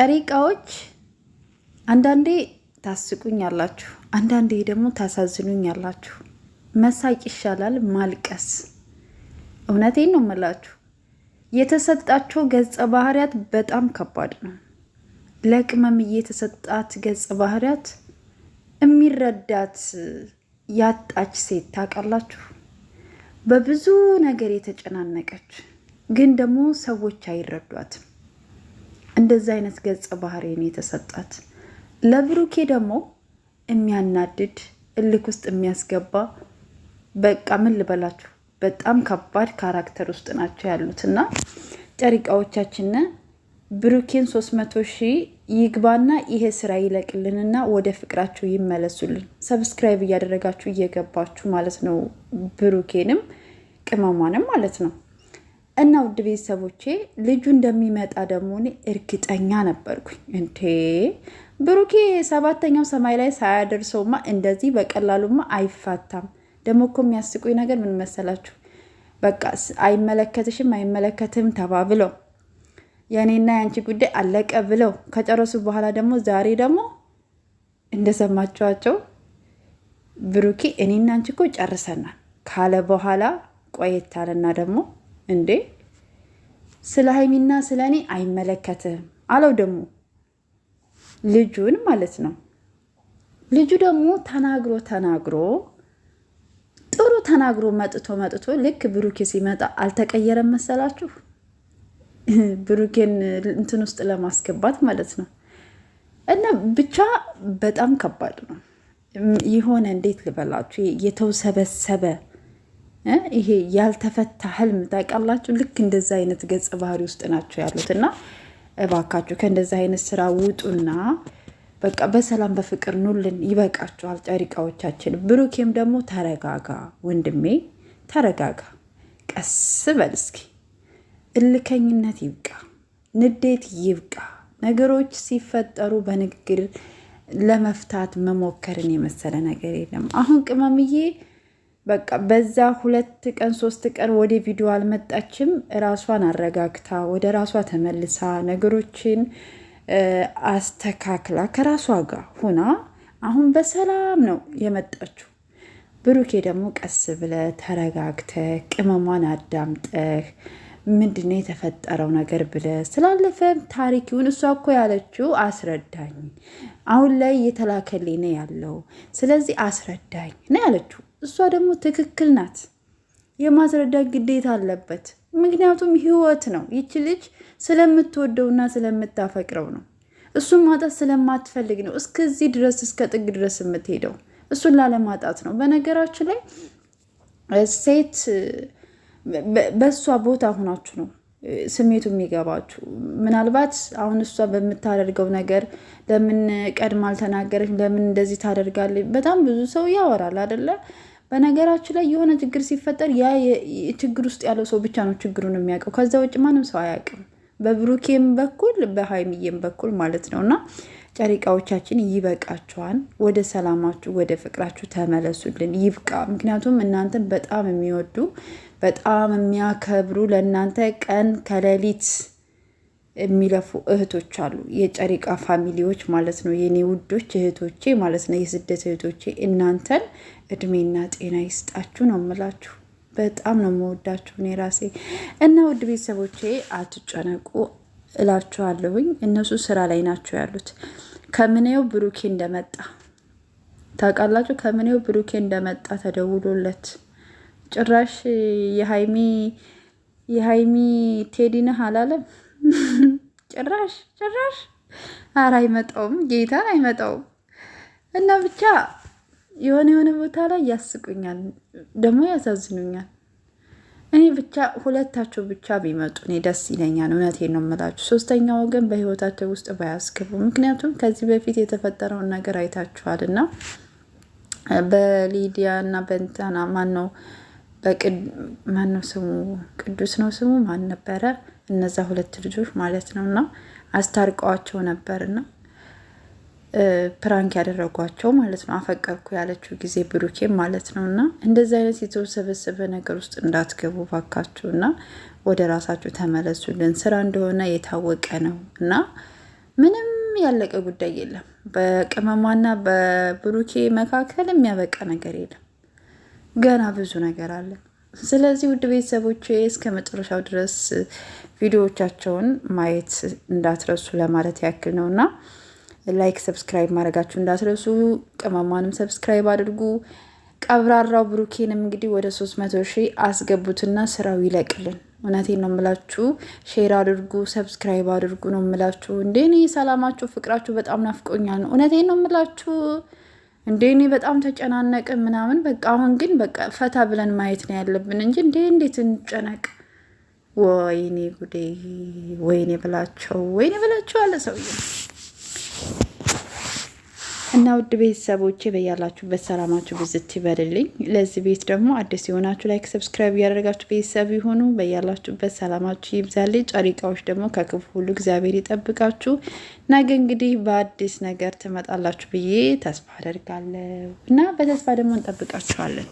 ጨሪቃዎች አንዳንዴ ታስቁኝ አላችሁ፣ አንዳንዴ ደግሞ ታሳዝኑኝ አላችሁ። መሳቅ ይሻላል ማልቀስ። እውነቴን ነው የምላችሁ። የተሰጣቸው ገጸ ባህሪያት በጣም ከባድ ነው። ለቅመም የተሰጣት ገጸ ባህሪያት የሚረዳት ያጣች ሴት ታውቃላችሁ። በብዙ ነገር የተጨናነቀች ግን ደግሞ ሰዎች አይረዷትም። እንደዚህ አይነት ገጸ ባህሪን የተሰጣት ለብሩኬ ደግሞ የሚያናድድ እልክ ውስጥ የሚያስገባ በቃ ምን ልበላችሁ በጣም ከባድ ካራክተር ውስጥ ናቸው ያሉት እና ጨሪቃዎቻችን ብሩኬን 300 ሺህ ይግባና ይሄ ስራ ይለቅልንና ወደ ፍቅራችሁ ይመለሱልን። ሰብስክራይብ እያደረጋችሁ እየገባችሁ ማለት ነው ብሩኬንም ቅመሟንም ማለት ነው። እና ውድ ቤተሰቦቼ ልጁ እንደሚመጣ ደግሞ እኔ እርግጠኛ ነበርኩኝ። እንዴ ብሩኬ ሰባተኛው ሰማይ ላይ ሳያደርሰውማ እንደዚህ በቀላሉማ አይፋታም። ደግሞ እኮ የሚያስቁኝ ነገር ምን መሰላችሁ? በቃ አይመለከትሽም አይመለከትም ተባብለው የእኔና የአንቺ ጉዳይ አለቀ ብለው ከጨረሱ በኋላ ደግሞ ዛሬ ደግሞ እንደሰማችኋቸው ብሩኬ እኔና አንቺ እኮ ጨርሰናል ካለ በኋላ ቆየት አለና ደግሞ እንዴ ስለ ሀይሚና ስለ እኔ አይመለከትም አለው። ደግሞ ልጁን ማለት ነው። ልጁ ደግሞ ተናግሮ ተናግሮ ጥሩ ተናግሮ መጥቶ መጥቶ ልክ ብሩኬ ሲመጣ አልተቀየረም መሰላችሁ? ብሩኬን እንትን ውስጥ ለማስገባት ማለት ነው። እና ብቻ በጣም ከባድ ነው የሆነ እንዴት ልበላችሁ የተውሰበሰበ ይሄ ያልተፈታ ህልም ታውቃላችሁ። ልክ እንደዛ አይነት ገጸ ባህሪ ውስጥ ናቸው ያሉት እና እባካችሁ ከእንደዚህ አይነት ስራ ውጡና በቃ በሰላም በፍቅር ኑልን። ይበቃችኋል ጨሪቃዎቻችን። ብሩኬም ደግሞ ተረጋጋ ወንድሜ፣ ተረጋጋ፣ ቀስ በል እስኪ። እልከኝነት ይብቃ፣ ንዴት ይብቃ። ነገሮች ሲፈጠሩ በንግግር ለመፍታት መሞከርን የመሰለ ነገር የለም። አሁን ቅመምዬ በቃ በዛ ሁለት ቀን ሶስት ቀን ወደ ቪዲዮ አልመጣችም። ራሷን አረጋግታ ወደ ራሷ ተመልሳ ነገሮችን አስተካክላ ከራሷ ጋር ሁና አሁን በሰላም ነው የመጣችው። ብሩኬ ደግሞ ቀስ ብለህ ተረጋግተህ ቅመሟን አዳምጠህ ምንድነው የተፈጠረው ነገር ብለህ ስላለፈ ታሪኪውን እሷ እኮ ያለችው አስረዳኝ፣ አሁን ላይ እየተላከልኝ ነው ያለው ስለዚህ አስረዳኝ ነው ያለችው። እሷ ደግሞ ትክክል ናት። የማስረዳት ግዴታ አለበት። ምክንያቱም ህይወት ነው። ይቺ ልጅ ስለምትወደውና ስለምታፈቅረው ነው። እሱን ማጣት ስለማትፈልግ ነው እስከዚህ ድረስ እስከ ጥግ ድረስ የምትሄደው እሱን ላለማጣት ነው። በነገራችን ላይ ሴት በእሷ ቦታ ሆናችሁ ነው ስሜቱ የሚገባችሁ። ምናልባት አሁን እሷ በምታደርገው ነገር ለምን ቀድማ አልተናገረች፣ ለምን እንደዚህ ታደርጋለች፣ በጣም ብዙ ሰው ያወራል አይደለም። በነገራችን ላይ የሆነ ችግር ሲፈጠር ያ ችግር ውስጥ ያለው ሰው ብቻ ነው ችግሩን የሚያውቀው። ከዛ ውጭ ማንም ሰው አያውቅም፣ በብሩኬም በኩል በሀይሚዬም በኩል ማለት ነው። እና ጨሪቃዎቻችን ይበቃችኋል። ወደ ሰላማችሁ ወደ ፍቅራችሁ ተመለሱልን፣ ይብቃ። ምክንያቱም እናንተን በጣም የሚወዱ በጣም የሚያከብሩ ለእናንተ ቀን ከሌሊት የሚለፉ እህቶች አሉ፣ የጨሪቃ ፋሚሊዎች ማለት ነው። የኔ ውዶች እህቶቼ ማለት ነው፣ የስደት እህቶቼ እናንተን እድሜና ጤና ይስጣችሁ ነው የምላችሁ። በጣም ነው የምወዳችሁ እኔ ራሴ እና ውድ ቤተሰቦቼ አትጨነቁ እላችኋለሁኝ። እነሱ ስራ ላይ ናቸው ያሉት። ከምኔው ብሩኬ እንደመጣ ታውቃላችሁ። ከምኔው ብሩኬ እንደመጣ ተደውሎለት ጭራሽ የሀይሚ የሀይሚ ቴዲ ነህ አላለም። ጭራሽ ጭራሽ አረ አይመጣውም፣ ጌታን አይመጣውም። እና ብቻ የሆነ የሆነ ቦታ ላይ ያስቁኛል፣ ደግሞ ያሳዝኑኛል። እኔ ብቻ ሁለታቸው ብቻ ቢመጡ እኔ ደስ ይለኛል። እውነቴን ነው የምላችሁ፣ ሶስተኛ ወገን በህይወታቸው ውስጥ ባያስገቡ። ምክንያቱም ከዚህ በፊት የተፈጠረውን ነገር አይታችኋል እና በሊዲያ እና በንታና ማን ነው ነው ስሙ ቅዱስ ነው ስሙ ማን ነበረ እነዛ ሁለት ልጆች ማለት ነው እና አስታርቀዋቸው ነበርና ፕራንክ ያደረጓቸው ማለት ነው። አፈቀርኩ ያለችው ጊዜ ብሩኬ ማለት ነው እና እንደዚህ አይነት የተወሰበሰበ ነገር ውስጥ እንዳትገቡ ባካችሁ እና ወደ ራሳችሁ ተመለሱልን። ስራ እንደሆነ የታወቀ ነው እና ምንም ያለቀ ጉዳይ የለም። በቅመማና በብሩኬ መካከል የሚያበቃ ነገር የለም። ገና ብዙ ነገር አለ። ስለዚህ ውድ ቤተሰቦች እስከ መጨረሻው ድረስ ቪዲዮዎቻቸውን ማየት እንዳትረሱ ለማለት ያክል ነው እና ላይክ፣ ሰብስክራይብ ማድረጋችሁ እንዳትረሱ። ቅመሟንም ሰብስክራይብ አድርጉ። ቀብራራው ብሩኬንም እንግዲህ ወደ ሶስት መቶ ሺህ አስገቡትና ስራው ይለቅልን። እውነቴ ነው የምላችሁ። ሼር አድርጉ፣ ሰብስክራይብ አድርጉ ነው የምላችሁ። እንዴኔ ሰላማችሁ፣ ፍቅራችሁ በጣም ናፍቆኛል ነው። እውነቴ ነው የምላችሁ። እንዴ እኔ በጣም ተጨናነቅ ምናምን በቃ አሁን ግን በቃ ፈታ ብለን ማየት ነው ያለብን እንጂ እንዴ እንዴት እንጨነቅ? ወይኔ ጉዴ፣ ወይኔ ብላቸው፣ ወይኔ ብላቸው አለ ሰውዬ። እና ውድ ቤተሰቦቼ በያላችሁበት ሰላማችሁ ብዝት ይበልልኝ። ለዚህ ቤት ደግሞ አዲስ የሆናችሁ ላይክ፣ ሰብስክራይብ እያደረጋችሁ ቤተሰብ ይሆኑ። በያላችሁበት ሰላማችሁ ይብዛልኝ። ጨሪቃዎች ደግሞ ከክፉ ሁሉ እግዚአብሔር ይጠብቃችሁ። ነገ እንግዲህ በአዲስ ነገር ትመጣላችሁ ብዬ ተስፋ አደርጋለሁ እና በተስፋ ደግሞ እንጠብቃችኋለን።